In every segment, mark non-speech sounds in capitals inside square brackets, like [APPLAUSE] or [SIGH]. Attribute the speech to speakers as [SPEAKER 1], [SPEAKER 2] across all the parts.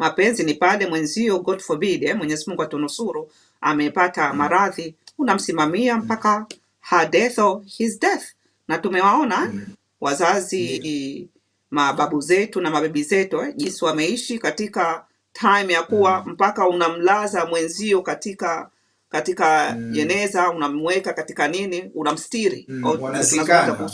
[SPEAKER 1] Mapenzi ni pale mwenzio, God forbid, eh, Mwenyezi Mungu atunusuru, amepata mm. maradhi, unamsimamia mm. mpaka her death or his death. Na tumewaona mm. wazazi mababu zetu na mabibi zetu eh, jinsi wameishi katika time ya kuwa mpaka unamlaza mwenzio katika katika jeneza mm. unamweka katika nini, unamstiri
[SPEAKER 2] unazikana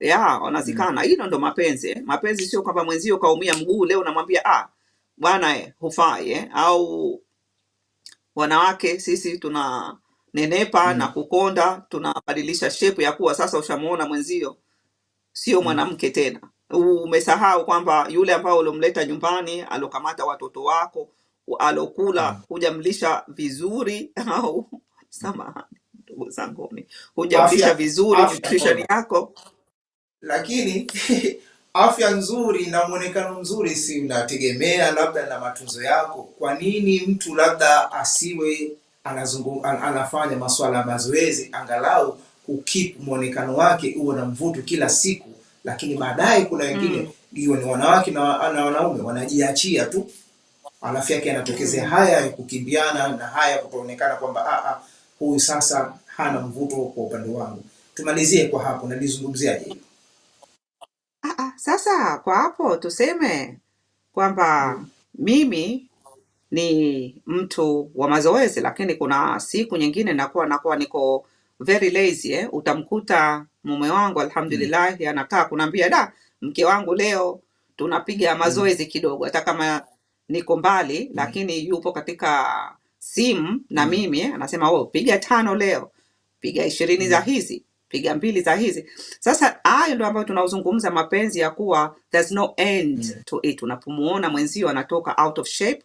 [SPEAKER 1] mm. wanazikana Hilo ndo mapenzi eh. Mapenzi sio kwamba mwenzio kaumia mguu leo unamwambia ah, bwana hufai eh? au wanawake sisi tuna nenepa mm. na kukonda, tunabadilisha shepu ya kuwa sasa ushamuona mwenzio sio hmm. mwanamke tena. Umesahau kwamba yule ambao uliomleta nyumbani, alokamata watoto wako, alokula, hmm. hujamlisha vizuri [LAUGHS] au samahani, ndugu zangu hujamlisha vizuri
[SPEAKER 2] nutrition yako, lakini [LAUGHS] afya nzuri na mwonekano mzuri si unategemea labda na matunzo yako. Kwa nini mtu labda asiwe anazungu, an, anafanya masuala ya mazoezi angalau kukeep mwonekano wake uwe na mvuto kila siku, lakini baadaye kuna wengine mm. iwe ni wanawake na, na wanaume wanajiachia tu, alafu yake anatokezea mm. haya ya kukimbiana na haya kutoonekana kwamba ah, ah, huyu sasa hana mvuto kwa upande wangu. Tumalizie kwa hapo, nalizungumziaje?
[SPEAKER 1] Ah, ah, sasa kwa hapo tuseme kwamba mm. mimi ni mtu wa mazoezi, lakini kuna siku nyingine nakuwa nakuwa niko very lazy eh. Utamkuta mume wangu alhamdulillah, mm. anakaa kunaambia da, mke wangu leo tunapiga mm. mazoezi kidogo, hata kama niko mbali, lakini yupo katika simu na mimi, anasema piga tano leo, piga ishirini za hizi piga mbili za hizi. Sasa hayo ndio ambayo tunaozungumza mapenzi ya kuwa there's no end mm. to it. Unapomuona mwenzio anatoka out of shape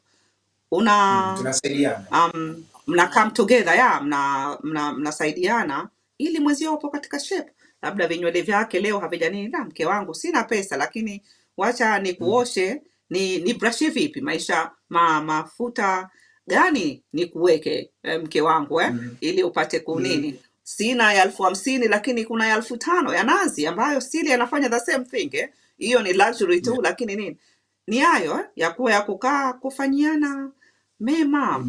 [SPEAKER 1] una mm,
[SPEAKER 2] tunasaidiana
[SPEAKER 1] mm, um, mna come together ya mna mnasaidiana ili mwenzio upo katika shape, labda vinywele vyake leo havijanini, na mke wangu sina pesa, lakini wacha nikuoshe mm. ni ni brush vipi maisha ma, mafuta gani nikuweke eh, mke wangu eh? mm. ili upate kunini mm sina ya elfu hamsini lakini kuna ya elfu tano ya nazi ambayo sili yanafanya the same thing eh? Hiyo ni luxury tu yeah. Lakini nini ni hayo eh? ya kuwa ya kukaa kufanyiana mema mm.